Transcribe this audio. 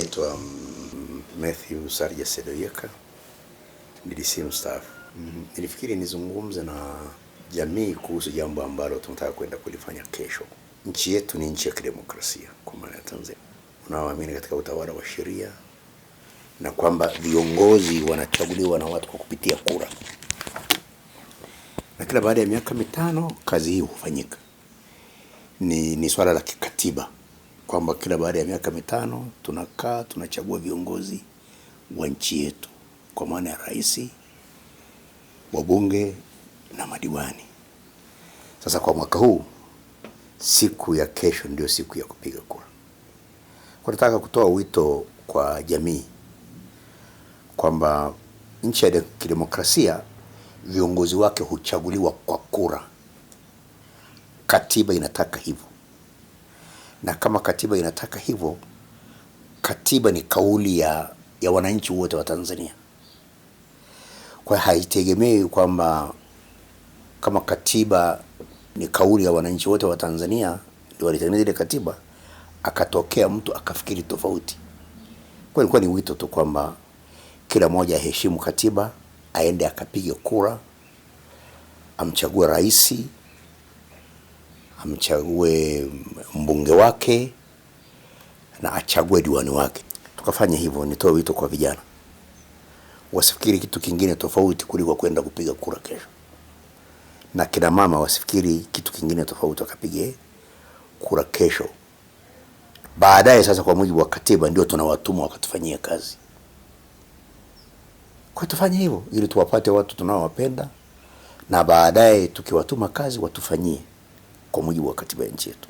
Naitwa Matthew Sarja Sedoyeka, DDC mstaafu. Mm-hmm. Nilifikiri nizungumze na jamii kuhusu jambo ambalo tunataka kwenda kulifanya kesho. Nchi yetu ni nchi ya kidemokrasia kwa maana ya Tanzania, unaoamini katika utawala wa sheria na kwamba viongozi wanachaguliwa na watu kwa kupitia kura, na kila baada ya miaka mitano kazi hii hufanyika. Ni, ni swala la kikatiba kwamba kila baada ya miaka mitano tunakaa tunachagua viongozi wa nchi yetu, kwa maana ya rais, wabunge na madiwani. Sasa kwa mwaka huu siku ya kesho ndio siku ya kupiga kura. Kwa nataka kutoa wito kwa jamii kwamba nchi ya kidemokrasia viongozi wake huchaguliwa kwa kura, katiba inataka hivyo na kama katiba inataka hivyo, katiba ni kauli ya, ya wananchi wote wa Tanzania. Kwa hiyo haitegemei kwamba kama katiba ni kauli ya wananchi wote wa Tanzania ndio walitengeneza ile katiba, akatokea mtu akafikiri tofauti. Kwa ilikuwa ni wito tu kwamba kila mmoja aheshimu katiba, aende akapiga kura, amchague rais amchague mbunge wake na achague diwani wake. Tukafanya hivyo. Nitoe wito kwa vijana wasifikiri kitu kingine tofauti kuliko kwenda kupiga kura kesho, na kina mama wasifikiri kitu kingine tofauti wakapige kura kesho. Baadaye sasa, kwa mujibu wa katiba, ndio tunawatumwa wakatufanyia kazi. Kwa tufanye hivyo ili tuwapate watu tunaowapenda, na baadaye tukiwatuma kazi watufanyie kwa mujibu wa katiba ya nchi yetu.